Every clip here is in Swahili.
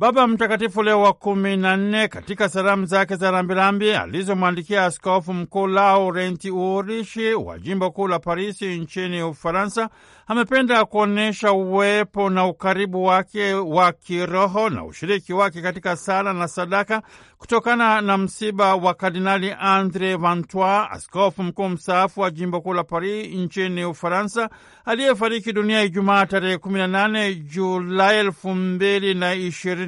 Baba Mtakatifu Leo wa kumi na nne katika salamu zake za rambirambi alizomwandikia askofu mkuu Laurenti Uorishi wa jimbo kuu la Parisi nchini Ufaransa, amependa kuonyesha uwepo na ukaribu wake wa kiroho na ushiriki wake katika sala na sadaka kutokana na msiba wa Kardinali Andre Vantois, askofu mkuu mstaafu wa jimbo kuu la Paris nchini Ufaransa, aliyefariki dunia Ijumaa tarehe 18 Julai elfu mbili na ishirini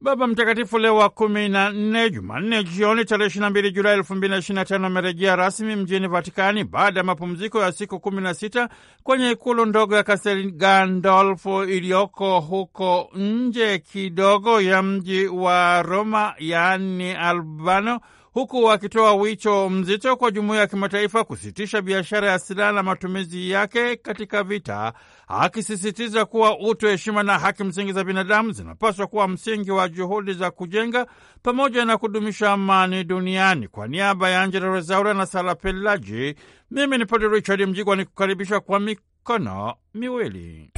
Baba Mtakatifu Leo wa kumi na nne Jumanne jioni tarehe ishirini na mbili Julai elfu mbili na ishirini na tano amerejea rasmi mjini Vatikani baada ya mapumziko ya siku kumi na sita kwenye ikulu ndogo ya Castel Gandolfo iliyoko huko nje kidogo ya mji wa Roma, yaani Albano, huku wakitoa wicho mzito kwa jumuiya ya kimataifa kusitisha biashara ya silaha na matumizi yake katika vita akisisitiza kuwa utu, heshima na haki msingi za binadamu zinapaswa kuwa msingi wa juhudi za kujenga pamoja na kudumisha amani duniani. Kwa niaba ya Angela Rezaura na Sara Pelaji, mimi ni Padre Richard Mjigwa ni kukaribisha kwa mikono miwili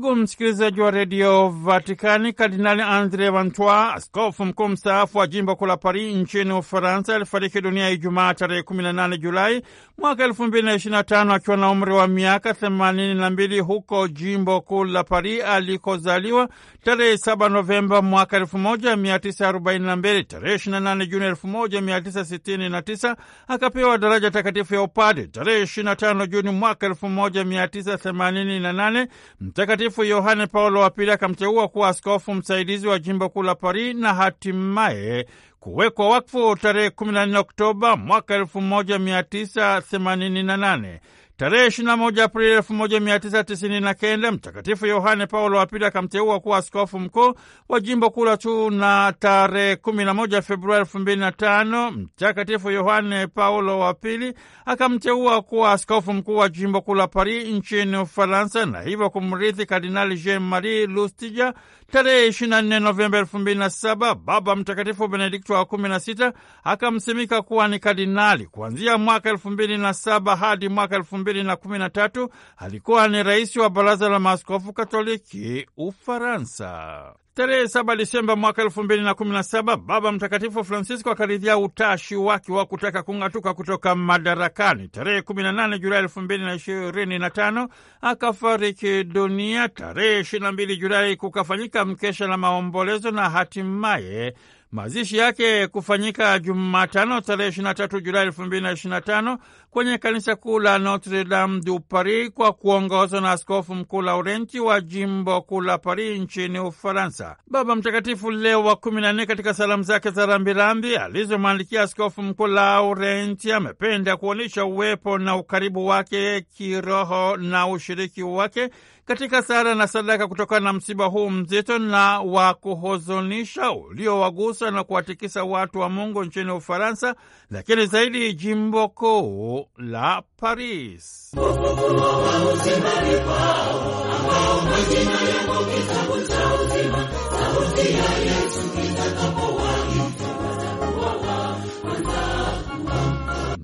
Ndugu msikilizaji wa redio Vatikani, Kardinali Andre Vantoi, askofu mkuu mstaafu wa jimbo kuu la Paris nchini Ufaransa, alifariki dunia ya Ijumaa tarehe 18 Julai mwaka 2025 akiwa na umri wa miaka 82 huko jimbo kuu la Paris alikozaliwa tarehe 7 Novemba mwaka 1942. Tarehe 28 Juni 1969 akapewa daraja takatifu ya upadre. Tarehe 25 Juni mwaka 1988 mtakatifu Mtakatifu Yohane Paulo wa Pili akamteua kuwa askofu msaidizi wa jimbo kuu la Paris na hatimaye kuwekwa wakfu tarehe 14 Oktoba mwaka 1988. Tarehe 21 Aprili 1999 Mtakatifu Yohane Paulo wa Pili akamteua kuwa askofu mkuu wa jimbo kuu la Tuu, na tarehe 11 Februari 2005 Mtakatifu Yohane Paulo wa Pili akamteua kuwa askofu mkuu wa jimbo kuu la Paris nchini Ufaransa, na hivyo kumrithi Kardinali Jean Marie Lustiger Tarehe 24 Novemba 2007 Baba Mtakatifu Benedikto wa 16 akamsimika kuwa ni kardinali. Kuanzia mwaka 2007 hadi mwaka 2013 alikuwa ni rais wa Baraza la Maaskofu Katoliki Ufaransa. Tarehe 7 Disemba mwaka 2017 Baba Mtakatifu Francisco akaridhia utashi wake wa kutaka kung'atuka kutoka madarakani. Tarehe 18 Julai 2025 akafariki dunia. Tarehe 22 Julai kukafanyika mkesha la maombolezo na hatimaye mazishi yake kufanyika Jumatano tarehe 23 Julai 2025 kwenye kanisa kuu la Notre Dame du Paris kwa kuongozwa na askofu mkuu Laurenti wa jimbo kuu la Paris nchini Ufaransa. Baba Mtakatifu Leo wa kumi na nne katika salamu zake za rambirambi alizomwandikia askofu mkuu Laurenti amependa kuonyesha uwepo na ukaribu wake kiroho na ushiriki wake katika sala na sadaka kutokana na msiba huu mzito na wa kuhuzunisha uliowagusa na kuwatikisa watu wa Mungu nchini Ufaransa, lakini zaidi jimbo kuu la París.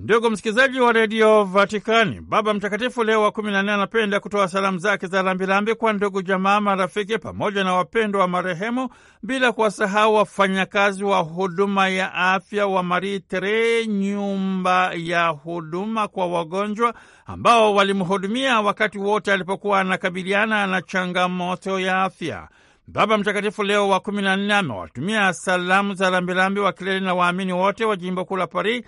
Ndugu msikilizaji wa redio Vatikani, Baba Mtakatifu Leo wa kumi na nne anapenda kutoa salamu zake za rambirambi kwa ndugu, jamaa, marafiki pamoja na wapendwa wa marehemu, bila kuwasahau wafanyakazi wa huduma ya afya wa Marie Tere, nyumba ya huduma kwa wagonjwa, ambao walimhudumia wakati wote alipokuwa anakabiliana na changamoto ya afya. Baba Mtakatifu Leo wa kumi na nne amewatumia salamu za rambirambi wakileli na waamini wote wa jimbo kuu la Paris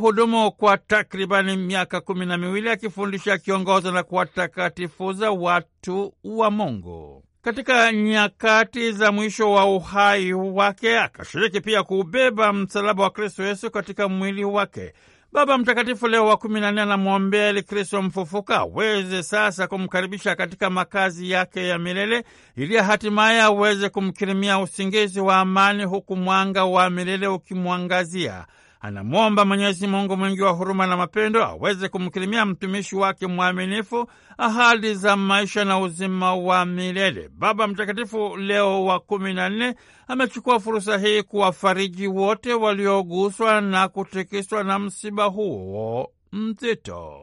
hudumu kwa takribani miaka kumi na miwili akifundisha, akiongoza na kuwatakatifuza watu wa Mungu. Katika nyakati za mwisho wa uhai wake akashiriki pia kuubeba msalaba wa Kristo Yesu katika mwili wake. Baba Mtakatifu Leo wa kumi na nne anamwombea ili Kristo mfufuka aweze sasa kumkaribisha katika makazi yake ya milele, ili hatimaye aweze kumkirimia usingizi wa amani, huku mwanga wa milele ukimwangazia anamwomba Mwenyezi Mungu mwingi wa huruma na mapendo aweze kumkirimia mtumishi wake mwaminifu ahadi za maisha na uzima wa milele. Baba Mtakatifu Leo wa kumi na nne amechukua fursa hii kuwafariji wote walioguswa na kutikiswa na msiba huo mzito.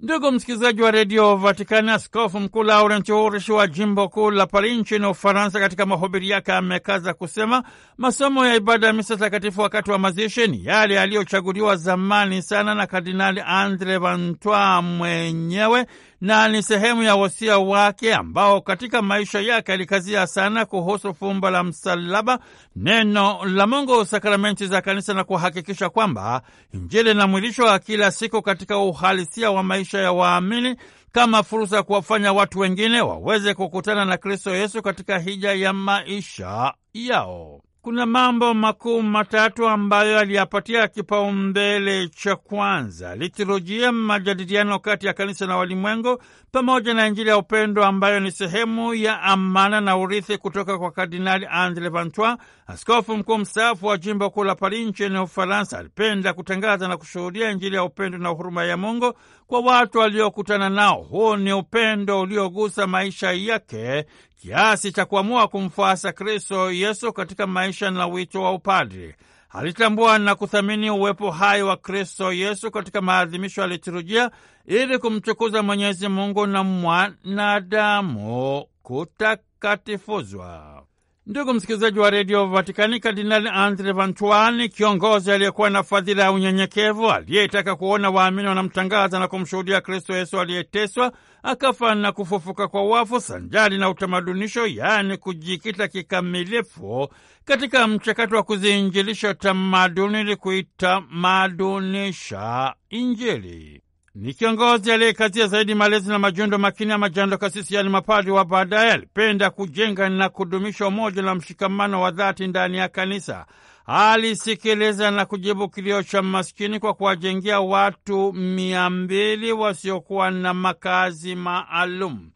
Ndugu msikilizaji wa redio Vatikani, askofu mkuu Laurent Urish wa jimbo kuu la Paris nchini Ufaransa, katika mahubiri yake amekaza kusema masomo ya ibada ya misa takatifu wakati wa mazishi ni yale yaliyochaguliwa zamani sana na Kardinali Andre Vantoi mwenyewe na ni sehemu ya wasia wake ambao katika maisha yake alikazia sana kuhusu fumbo la msalaba, neno la Mungu, sakramenti za kanisa, na kuhakikisha kwamba Injili na mwilisho wa kila siku katika uhalisia wa maisha ya waamini kama fursa ya kuwafanya watu wengine waweze kukutana na Kristo Yesu katika hija ya maisha yao kuna mambo makuu matatu ambayo aliyapatia kipaumbele cha kwanza: liturujia, majadiliano kati ya kanisa na walimwengu, pamoja na Injili ya upendo ambayo ni sehemu ya amana na urithi kutoka kwa Kardinali Andre Vantois Askofu mkuu mstaafu wa jimbo kuu la Paris nchini Ufaransa alipenda kutangaza na kushuhudia Injili ya upendo na huruma ya Mungu kwa watu waliokutana nao. Huu ni upendo uliogusa maisha yake kiasi cha kuamua kumfuasa Kristo Yesu katika maisha na wito wa upadri. Alitambua na kuthamini uwepo hai wa Kristo Yesu katika maadhimisho ya liturujia ili kumtukuza Mwenyezi Mungu na mwanadamu kutakatifuzwa. Ndugu msikilizaji wa redio Vatikani, Kardinali Andre Vantuani, kiongozi aliyekuwa na fadhila ya unyenyekevu, aliyetaka kuona waamini wanamtangaza na kumshuhudia Kristo Yesu aliyeteswa akafa na kufufuka kwa wafu, sanjari na utamadunisho, yaani kujikita kikamilifu katika mchakato wa kuziinjilisha tamaduni ili kuitamadunisha Injili ni kiongozi aliyekazia zaidi malezi na majundo makini ya majando kasisi, yaani mapadri wa baadaye. Alipenda kujenga na kudumisha umoja na mshikamano wa dhati ndani ya kanisa. Alisikiliza na kujibu kilio cha maskini kwa kuwajengea watu mia mbili wasiokuwa na makazi maalum.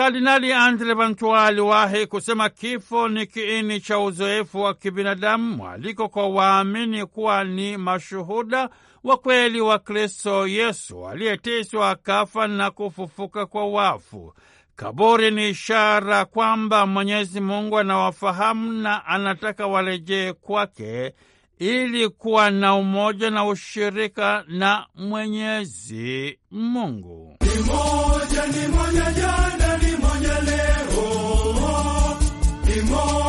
Kardinali Andre vantua aliwahi kusema kifo ni kiini cha uzoefu wa kibinadamu, mwaliko kwa waamini kuwa ni mashuhuda wa kweli wa Kristo Yesu aliyeteswa akafa na kufufuka kwa wafu. Kaburi ni ishara kwamba Mwenyezi Mungu anawafahamu na anataka warejee kwake ili kuwa na umoja na ushirika na Mwenyezi Mungu. Ni moja, ni moja jana Valero, Timón.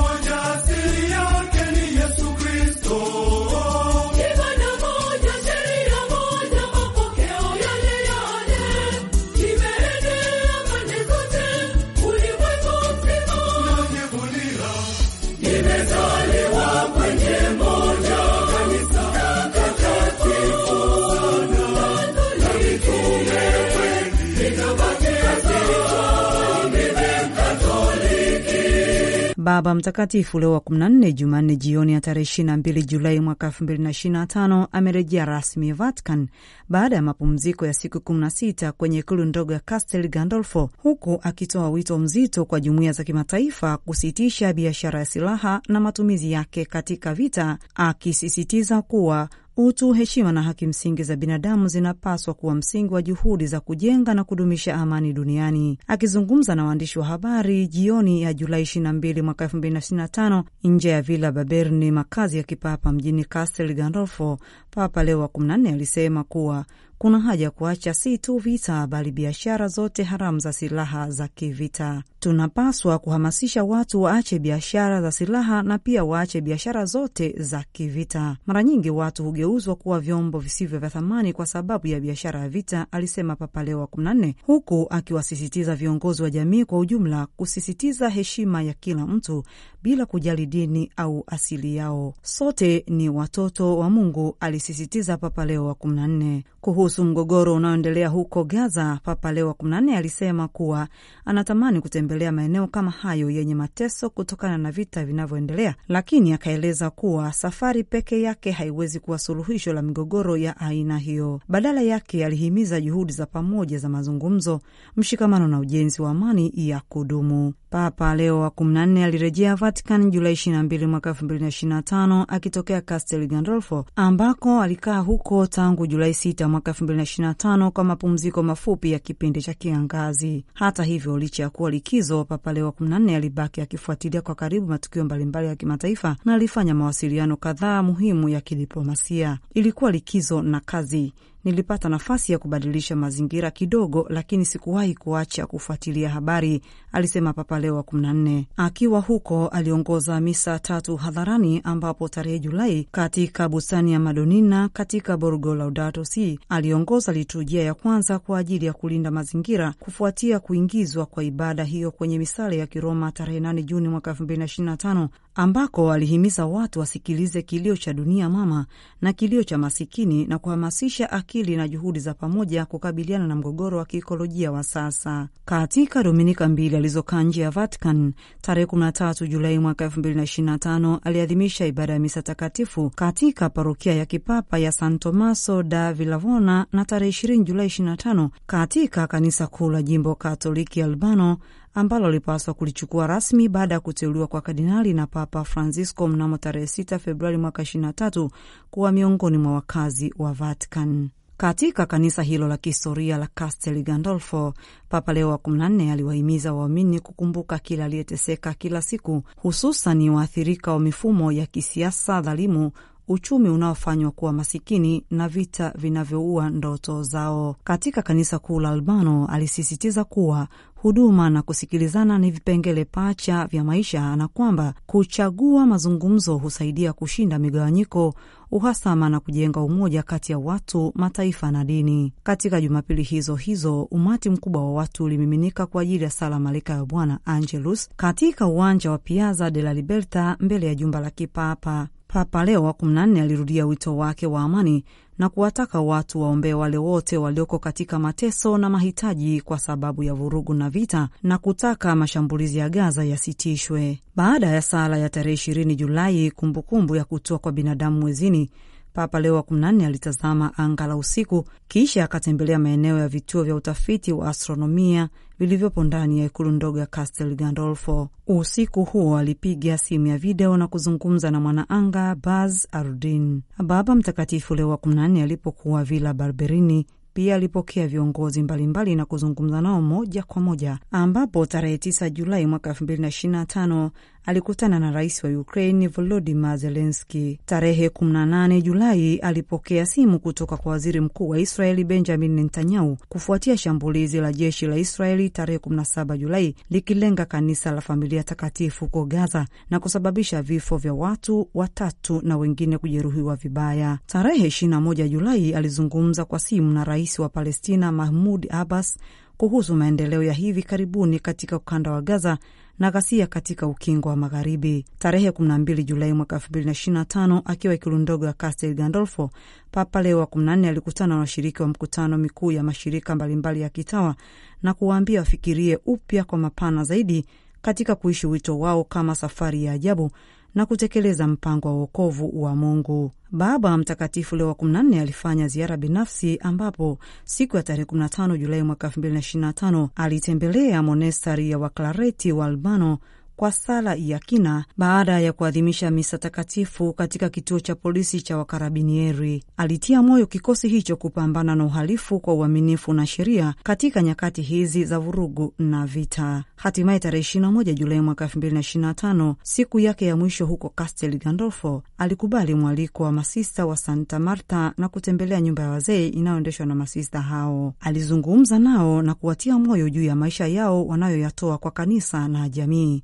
Baba Mtakatifu Leo wa 14 Jumanne jioni ya tarehe 22 Julai mwaka 2025 amerejea rasmi Vatican baada ya mapumziko ya siku 16 kwenye ikulu ndogo ya Castel Gandolfo, huku akitoa wito mzito kwa jumuiya za kimataifa kusitisha biashara ya silaha na matumizi yake katika vita, akisisitiza kuwa Utu, heshima na haki msingi za binadamu zinapaswa kuwa msingi wa juhudi za kujenga na kudumisha amani duniani. Akizungumza na waandishi wa habari jioni ya Julai 22 mwaka 2025 nje ya Villa Baberni, makazi ya kipapa mjini Castel Gandolfo, Papa Leo wa 14 alisema kuwa kuna haja kuacha si tu vita, bali biashara zote haramu za silaha za kivita. Tunapaswa kuhamasisha watu waache biashara za silaha na pia waache biashara zote za kivita. Mara nyingi watu hugeuzwa kuwa vyombo visivyo vya thamani kwa sababu ya biashara ya vita, alisema Papa Leo wa 14, huku akiwasisitiza viongozi wa jamii kwa ujumla kusisitiza heshima ya kila mtu bila kujali dini au asili yao. Sote ni watoto wa Mungu, alisisitiza Papa Leo wa 14 kuhusu kuhusu mgogoro unaoendelea huko Gaza, Papa Leo wa 14 alisema kuwa anatamani kutembelea maeneo kama hayo yenye mateso kutokana na vita vinavyoendelea, lakini akaeleza kuwa safari peke yake haiwezi kuwa suluhisho la migogoro ya aina hiyo. Badala yake, alihimiza juhudi za pamoja za mazungumzo, mshikamano na ujenzi wa amani ya kudumu. Papa Leo wa 14 alirejea Vatican Julai 22 mwaka 2025 akitokea Castel Gandolfo ambako alikaa huko tangu Julai 6 mwaka 2025 kwa mapumziko mafupi ya kipindi cha kiangazi. Hata hivyo, licha ya kuwa likizo, Papa Leo wa 14 alibaki akifuatilia kwa karibu matukio mbalimbali ya kimataifa na alifanya mawasiliano kadhaa muhimu ya kidiplomasia. Ilikuwa likizo na kazi nilipata nafasi ya kubadilisha mazingira kidogo, lakini sikuwahi kuacha kufuatilia habari, alisema Papa Leo wa 14. Akiwa huko aliongoza misa tatu hadharani, ambapo tarehe Julai katika bustani ya Madonina katika Borgo Laudato Si aliongoza liturujia ya kwanza kwa ajili ya kulinda mazingira kufuatia kuingizwa kwa ibada hiyo kwenye misale ya Kiroma tarehe 8 Juni mwaka 2025 ambako alihimiza watu wasikilize kilio cha dunia mama na kilio cha masikini na kuhamasisha akili na juhudi za pamoja kukabiliana na mgogoro wa kiikolojia wa sasa. Katika dominika mbili alizokaa nje ya Vatican, tarehe 13 Julai mwaka 2025 aliadhimisha ibada ya misa takatifu katika parokia ya kipapa ya San Tomaso da Vilavona na tarehe 20 Julai 25 katika kanisa kuu la jimbo Katoliki Albano ambalo lipaswa kulichukua rasmi baada ya kuteuliwa kwa kardinali na Papa Francisco mnamo tarehe 6 Februari mwaka 23 kuwa miongoni mwa wakazi wa Vatican. Katika kanisa hilo la kihistoria la Castel Gandolfo, Papa Leo wa 14 aliwahimiza waumini kukumbuka kila aliyeteseka kila siku, hususan waathirika wa mifumo ya kisiasa dhalimu uchumi unaofanywa kuwa masikini na vita vinavyoua ndoto zao. Katika kanisa kuu la Albano alisisitiza kuwa huduma na kusikilizana ni vipengele pacha vya maisha, na kwamba kuchagua mazungumzo husaidia kushinda migawanyiko, uhasama na kujenga umoja kati ya watu, mataifa na dini. Katika jumapili hizo hizo, umati mkubwa wa watu ulimiminika kwa ajili ya sala Malaika ya Bwana Angelus katika uwanja wa Piazza della liberta mbele ya jumba la kipapa. Papa Leo wa 14 alirudia wito wake wa amani na kuwataka watu waombee wale wote walioko katika mateso na mahitaji kwa sababu ya vurugu na vita na kutaka mashambulizi ya Gaza yasitishwe. Baada ya sala ya tarehe 20 Julai, kumbukumbu kumbu ya kutoa kwa binadamu mwezini, Papa Leo wa 14 alitazama anga la usiku, kisha akatembelea maeneo ya vituo vya utafiti wa astronomia vilivyopo ndani ya ikulu ndogo ya Castel Gandolfo. Usiku huo alipiga simu ya video na kuzungumza na mwanaanga Baz Ardin. Baba Mtakatifu Leo wa 14 alipokuwa Villa Barberini pia alipokea viongozi mbalimbali na kuzungumza nao moja kwa moja, ambapo tarehe 9 Julai mwaka 2025 alikutana na rais wa Ukraini Volodimir Zelenski tarehe 18 Julai. Alipokea simu kutoka kwa waziri mkuu wa Israeli Benjamin Netanyahu kufuatia shambulizi la jeshi la Israeli tarehe 17 Julai likilenga kanisa la Familia Takatifu huko Gaza na kusababisha vifo vya watu watatu na wengine kujeruhiwa vibaya. Tarehe 21 Julai alizungumza kwa simu na rais wa Palestina Mahmud Abbas kuhusu maendeleo ya hivi karibuni katika ukanda wa Gaza na ghasia katika ukingo wa magharibi. Tarehe 12 Julai mwaka 2025, akiwa ikulu ndogo ya Castel Gandolfo, Papa Leo wa 14 alikutana na washiriki wa mkutano mikuu ya mashirika mbalimbali ya kitawa na kuwaambia wafikirie upya kwa mapana zaidi katika kuishi wito wao kama safari ya ajabu na kutekeleza mpango wa uokovu wa Mungu. Baba Mtakatifu Leo wa 14 alifanya ziara binafsi ambapo siku ya tarehe 15 Julai mwaka 2025 alitembelea monestari ya Waklareti wa Albano kwa sala ya kina baada ya kuadhimisha misa takatifu katika kituo cha polisi cha wakarabinieri. Alitia moyo kikosi hicho kupambana na uhalifu kwa uaminifu na sheria katika nyakati hizi za vurugu na vita. Hatimaye tarehe 21 Julai mwaka 2025, siku yake ya mwisho huko Castel Gandolfo, alikubali mwaliko wa masista wa Santa Marta na kutembelea nyumba ya wazee inayoendeshwa na masista hao. Alizungumza nao na kuwatia moyo juu ya maisha yao wanayoyatoa kwa kanisa na jamii.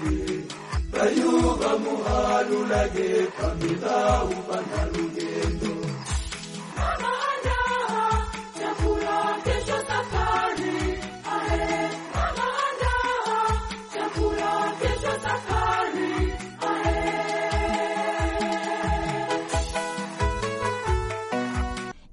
Ayuba muhalulage kamila ubanalula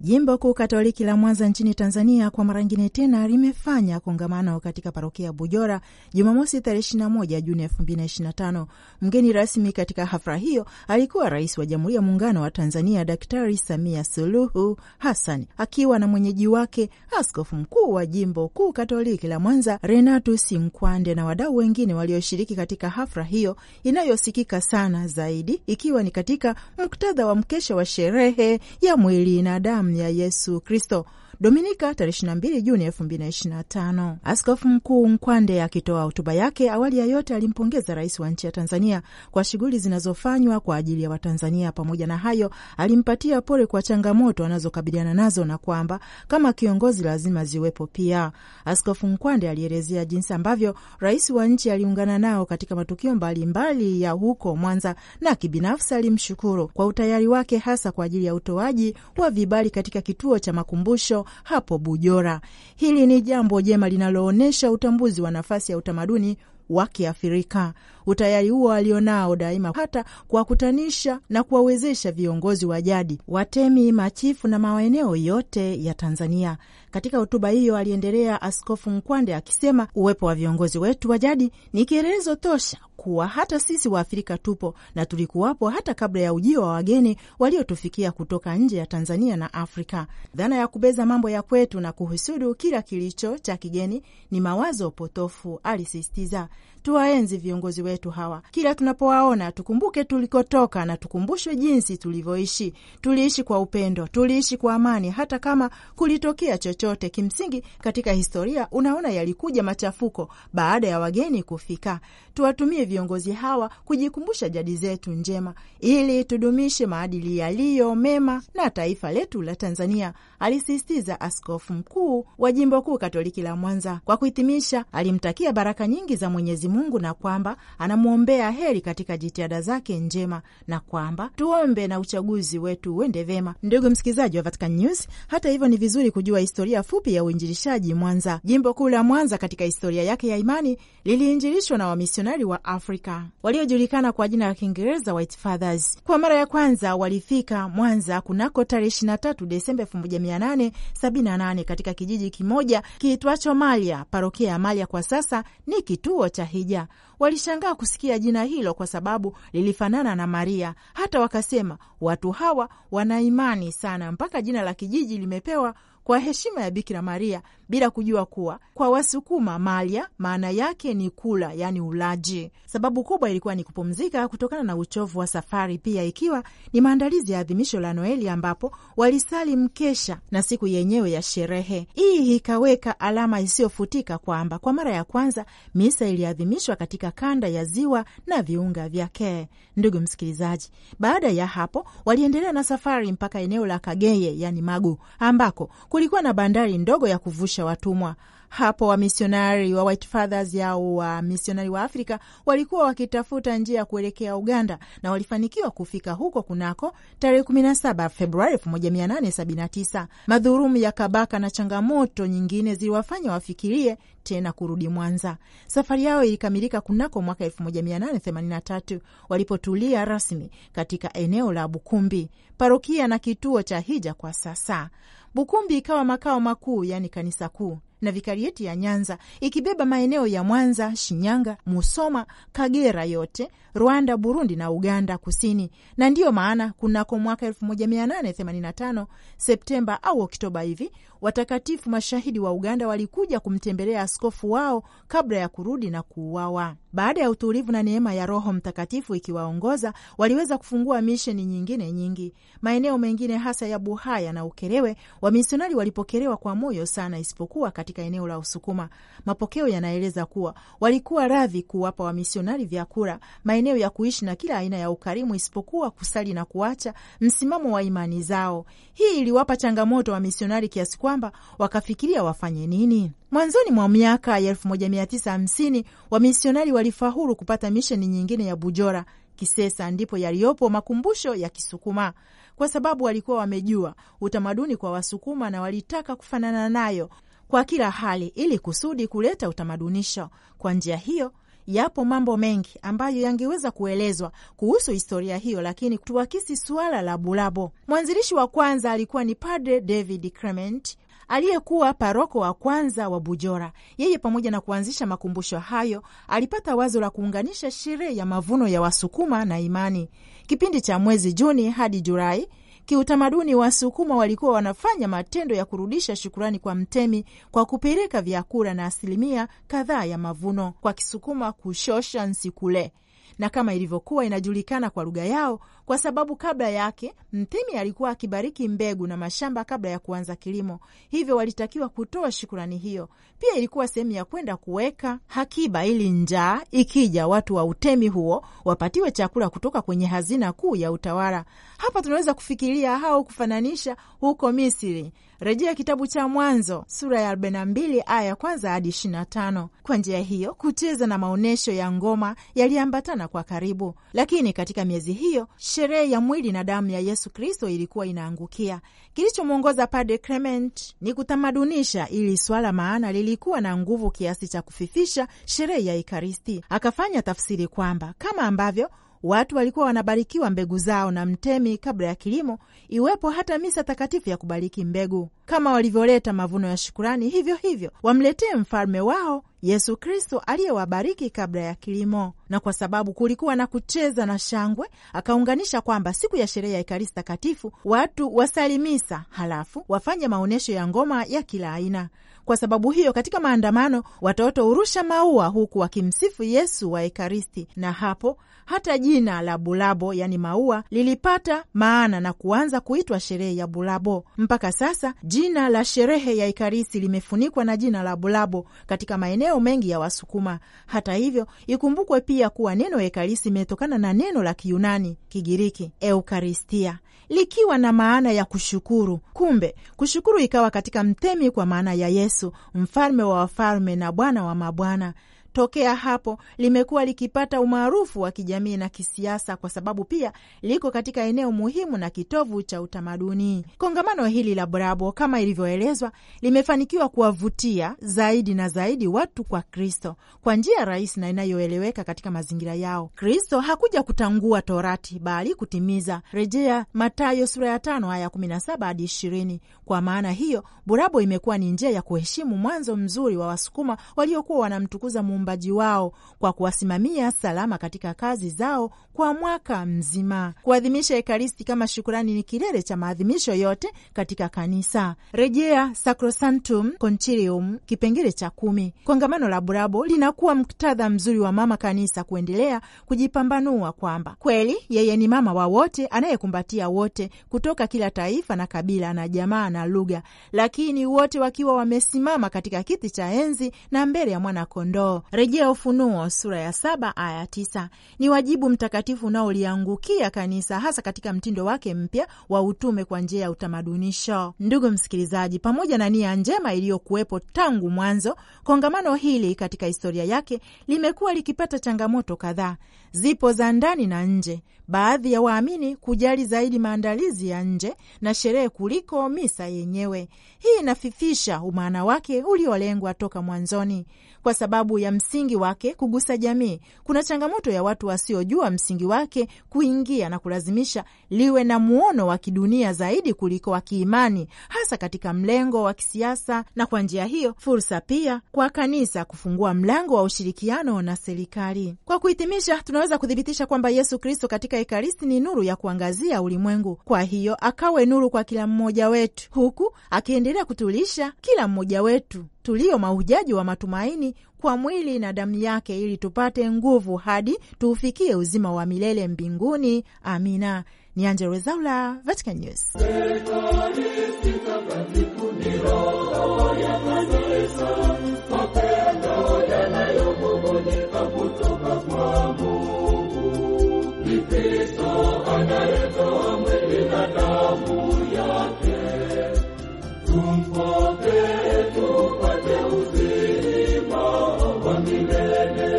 Jimbo Kuu Katoliki la Mwanza nchini Tanzania kwa mara nyingine tena limefanya kongamano katika parokia ya Bujora Jumamosi tarehe 21 Juni 2025. Mgeni rasmi katika hafla hiyo alikuwa Rais wa Jamhuri ya Muungano wa Tanzania Daktari Samia Suluhu Hassan akiwa na mwenyeji wake Askofu Mkuu wa Jimbo Kuu Katoliki la Mwanza renatu Simkwande na wadau wengine walioshiriki katika hafla hiyo inayosikika sana zaidi ikiwa ni katika muktadha wa mkesha wa sherehe ya mwili na damu a Jesucristo Dominika tarehe 22 Juni 2025. Askofu Mkuu Nkwande akitoa hotuba yake, awali ya yote alimpongeza Rais wa nchi ya Tanzania kwa shughuli zinazofanywa kwa ajili ya Watanzania. Pamoja na hayo, alimpatia pole kwa changamoto anazokabiliana nazo na kwamba kama kiongozi lazima ziwepo pia. Askofu Nkwande alielezea jinsi ambavyo rais wa nchi aliungana nao katika matukio mbalimbali mbali ya huko Mwanza na kibinafsi alimshukuru kwa utayari wake hasa kwa ajili ya utoaji wa vibali katika kituo cha makumbusho hapo Bujora. Hili ni jambo jema linaloonyesha utambuzi wa nafasi ya utamaduni wa Kiafrika. Utayari huo alionao daima, hata kuwakutanisha na kuwawezesha viongozi wa jadi, watemi, machifu na maeneo yote ya Tanzania katika hotuba hiyo aliendelea Askofu Nkwande akisema uwepo wa viongozi wetu wa jadi ni kielelezo tosha kuwa hata sisi wa afrika tupo na tulikuwapo hata kabla ya ujio wa wageni waliotufikia kutoka nje ya Tanzania na Afrika. Dhana ya kubeza mambo ya kwetu na kuhusudu kila kilicho cha kigeni ni mawazo potofu, alisisitiza. Tuwaenzi viongozi wetu hawa. Kila tunapowaona tukumbuke tulikotoka na tukumbushwe jinsi tulivyoishi. Tuliishi kwa upendo, tuliishi kwa amani, hata kama kulitokea chochote. Kimsingi, katika historia unaona yalikuja machafuko baada ya wageni kufika. Tuwatumie viongozi hawa kujikumbusha jadi zetu njema, ili tudumishe maadili yaliyo mema na taifa letu la Tanzania, alisisitiza askofu mkuu wa jimbo kuu katoliki la Mwanza. Kwa kuhitimisha, alimtakia baraka nyingi za Mwenyezi Mungu Mungu na kwamba anamwombea heri katika jitihada zake njema na kwamba tuombe na uchaguzi wetu uende vema. Ndugu msikilizaji wa Vatican News, hata hivyo ni vizuri kujua historia fupi ya uinjilishaji Mwanza. Jimbo kuu la Mwanza katika historia yake ya imani liliinjilishwa na wamisionari wa Afrika waliojulikana kwa jina la Kiingereza White Fathers. Kwa mara ya kwanza walifika Mwanza kunako tarehe 23 Desemba 1878 katika kijiji kimoja kiitwacho Malia, parokia ya Malia kwa sasa ni kituo cha hiji. Khadija. Walishangaa kusikia jina hilo kwa sababu lilifanana na Maria, hata wakasema watu hawa wana imani sana mpaka jina la kijiji limepewa kwa heshima ya Bikira Maria bila kujua kuwa kwa Wasukuma malya maana yake ni kula, yaani ulaji. Sababu kubwa ilikuwa ni kupumzika kutokana na uchovu wa safari, pia ikiwa ni maandalizi ya adhimisho la Noeli ambapo walisali mkesha na siku yenyewe ya sherehe. Hii ikaweka alama isiyofutika kwamba kwa mara ya kwanza misa iliadhimishwa katika kanda ya ziwa na viunga vyake. Ndugu msikilizaji, baada ya hapo waliendelea na safari mpaka eneo la Kageye, yani Magu, ambako kulikuwa na bandari ndogo ya kuvusha watumwa. Hapo wamisionari wa White Fathers au wamisionari wa Afrika walikuwa wakitafuta njia ya kuelekea Uganda na walifanikiwa kufika huko kunako tarehe 17 Februari 1879. Madhurumu ya Kabaka na changamoto nyingine ziliwafanya wafikirie tena kurudi Mwanza. Safari yao ilikamilika kunako mwaka 1883 walipotulia rasmi katika eneo la Bukumbi, parokia na kituo cha hija kwa sasa. Bukumbi ikawa makao makuu, yaani kanisa kuu na vikarieti ya Nyanza ikibeba maeneo ya Mwanza, Shinyanga, Musoma, Kagera yote, Rwanda, Burundi na Uganda Kusini. Na ndiyo maana kunako mwaka 1885 Septemba au Oktoba hivi, watakatifu mashahidi wa Uganda walikuja kumtembelea askofu wao kabla ya kurudi na kuuawa. Baada ya utulivu na neema ya Roho Mtakatifu ikiwaongoza waliweza kufungua misheni nyingine nyingi. Maeneo mengine hasa ya Buhaya na Ukerewe wamisionari walipokelewa kwa moyo sana, isipokuwa katika eneo la Usukuma. Mapokeo yanaeleza kuwa walikuwa radhi kuwapa wamisionari vyakula, maeneo ya kuishi na kila aina ya ukarimu, isipokuwa kusali na kuacha msimamo wa imani zao. Hii iliwapa changamoto wamisionari kiasi kwamba wakafikiria wafanye nini. Mwanzoni mwa miaka ya 1950 wamisionari walifahuru kupata misheni nyingine ya Bujora Kisesa, ndipo yaliyopo makumbusho ya Kisukuma, kwa sababu walikuwa wamejua utamaduni kwa Wasukuma na walitaka kufanana nayo kwa kila hali, ili kusudi kuleta utamadunisho. Kwa njia hiyo, yapo mambo mengi ambayo yangeweza kuelezwa kuhusu historia hiyo, lakini tuakisi suala la Bulabo. Mwanzilishi wa kwanza alikuwa ni Padre David Clement aliyekuwa paroko wa kwanza wa Bujora. Yeye pamoja na kuanzisha makumbusho hayo alipata wazo la kuunganisha sherehe ya mavuno ya Wasukuma na imani. Kipindi cha mwezi Juni hadi Julai, kiutamaduni Wasukuma walikuwa wanafanya matendo ya kurudisha shukurani kwa mtemi kwa kupeleka vyakula na asilimia kadhaa ya mavuno, kwa Kisukuma kushosha nsikule na kama ilivyokuwa inajulikana kwa lugha yao, kwa sababu kabla yake mtemi alikuwa akibariki mbegu na mashamba kabla ya kuanza kilimo, hivyo walitakiwa kutoa shukurani hiyo. Pia ilikuwa sehemu ya kwenda kuweka hakiba, ili njaa ikija, watu wa utemi huo wapatiwe chakula kutoka kwenye hazina kuu ya utawala. Hapa tunaweza kufikiria au kufananisha huko Misri. Rejea kitabu cha Mwanzo sura ya 42 aya ya kwanza hadi 25. Kwa njia hiyo kucheza na maonyesho ya ngoma yaliambatana kwa karibu, lakini katika miezi hiyo sherehe ya mwili na damu ya Yesu Kristo ilikuwa inaangukia. Kilichomwongoza Padre Clement ni kutamadunisha ili swala, maana lilikuwa na nguvu kiasi cha kufifisha sherehe ya Ekaristi. Akafanya tafsiri kwamba kama ambavyo Watu walikuwa wanabarikiwa mbegu zao na mtemi kabla ya kilimo, iwepo hata misa takatifu ya kubariki mbegu. Kama walivyoleta mavuno ya shukurani, hivyo hivyo wamletee mfalme wao Yesu Kristo aliyewabariki kabla ya kilimo. Na kwa sababu kulikuwa na kucheza na shangwe, akaunganisha kwamba siku ya sherehe ya Ekaristi Takatifu watu wasalimisa halafu wafanye maonyesho ya ngoma ya kila aina. Kwa sababu hiyo, katika maandamano watoto hurusha maua huku wakimsifu Yesu wa Ekaristi, na hapo hata jina la Bulabo, yaani maua, lilipata maana na kuanza kuitwa sherehe ya Bulabo. Mpaka sasa jina la sherehe ya Ekaristi limefunikwa na jina la Bulabo katika maeneo mengi ya Wasukuma. Hata hivyo, ikumbukwe pia kuwa neno Ekaristi imetokana na neno la Kiyunani Kigiriki eukaristia likiwa na maana ya kushukuru. Kumbe kushukuru ikawa katika mtemi kwa maana ya Yesu, mfalme wa wafalme na Bwana wa mabwana. Tokea hapo limekuwa likipata umaarufu wa kijamii na kisiasa, kwa sababu pia liko katika eneo muhimu na kitovu cha utamaduni. Kongamano hili la Brabo, kama ilivyoelezwa, limefanikiwa kuwavutia zaidi na zaidi watu kwa Kristo kwa njia rahisi na inayoeleweka katika mazingira yao. Kristo hakuja kutangua Torati bali kutimiza, rejea Mathayo sura ya tano aya kumi na saba hadi ishirini. Kwa maana hiyo, Burabo imekuwa ni njia ya kuheshimu mwanzo mzuri wa Wasukuma waliokuwa wanamtukuza Muumba waombaji wao kwa kuwasimamia salama katika kazi zao kwa mwaka mzima. Kuadhimisha Ekaristi kama shukurani ni kilele cha maadhimisho yote katika kanisa. Rejea Sacrosanctum Concilium, kipengele cha kumi. Kongamano la burabo linakuwa mktadha mzuri wa mama kanisa kuendelea kujipambanua kwamba kweli yeye ni mama wa wote anayekumbatia wote kutoka kila taifa na kabila na jamaa na lugha, lakini wote wakiwa wamesimama katika kiti cha enzi na mbele ya mwana kondoo. Rejea Ufunuo sura ya saba aya tisa. Ni wajibu mtakatifu unaoliangukia kanisa hasa katika mtindo wake mpya wa utume kwa njia ya utamadunisho. Ndugu msikilizaji, pamoja na nia njema iliyokuwepo tangu mwanzo, kongamano hili katika historia yake limekuwa likipata changamoto kadhaa, zipo za ndani na nje baadhi ya waamini kujali zaidi maandalizi ya nje na sherehe kuliko misa yenyewe. Hii inafifisha umaana wake uliolengwa toka mwanzoni. Kwa sababu ya msingi wake kugusa jamii, kuna changamoto ya watu wasiojua msingi wake kuingia na kulazimisha liwe na muono wa kidunia zaidi kuliko wa kiimani, hasa katika mlengo wa kisiasa, na kwa njia hiyo fursa pia kwa kanisa kufungua mlango wa ushirikiano na serikali. Kwa kuhitimisha, tunaweza kuthibitisha kwamba Yesu Kristo katika Ekaristi ni nuru ya kuangazia ulimwengu. Kwa hiyo akawe nuru kwa kila mmoja wetu, huku akiendelea kutulisha kila mmoja wetu tulio mahujaji wa matumaini kwa mwili na damu yake, ili tupate nguvu hadi tuufikie uzima wa milele mbinguni. Amina. Ni Angella Rwezaula, Vatican News.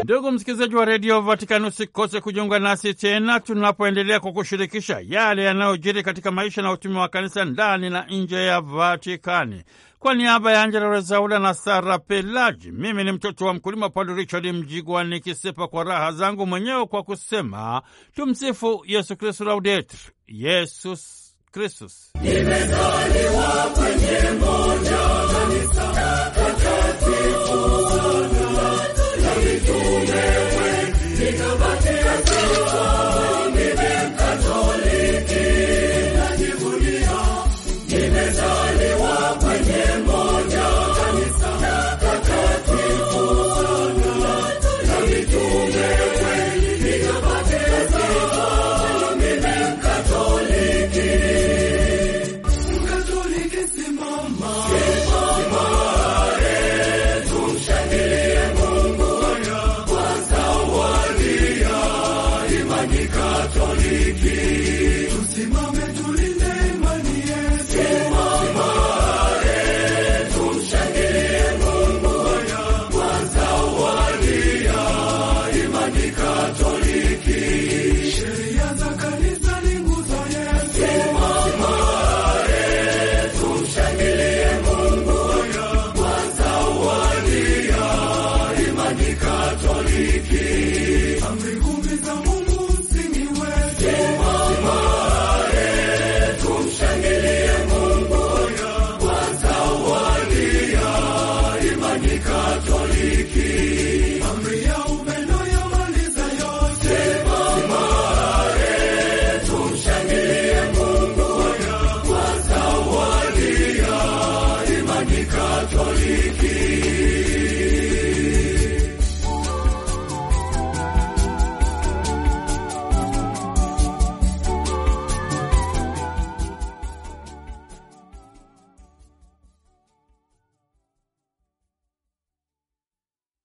Ndugu msikilizaji wa redio Vatikani, usikose kujiunga nasi tena tunapoendelea kwa kushirikisha yale yanayojiri katika maisha na utumi wa kanisa ndani na nje ya Vatikani. Kwa niaba ya Angela Rezaula na Sara Pelaji, mimi ni mtoto wa mkulima Padre Richard Mjigwa, nikisepa kwa raha zangu mwenyewe kwa kusema tumsifu Yesu Kristu, laudetur Yesus Kristus. Nimezaliwa kwenye moja kanisa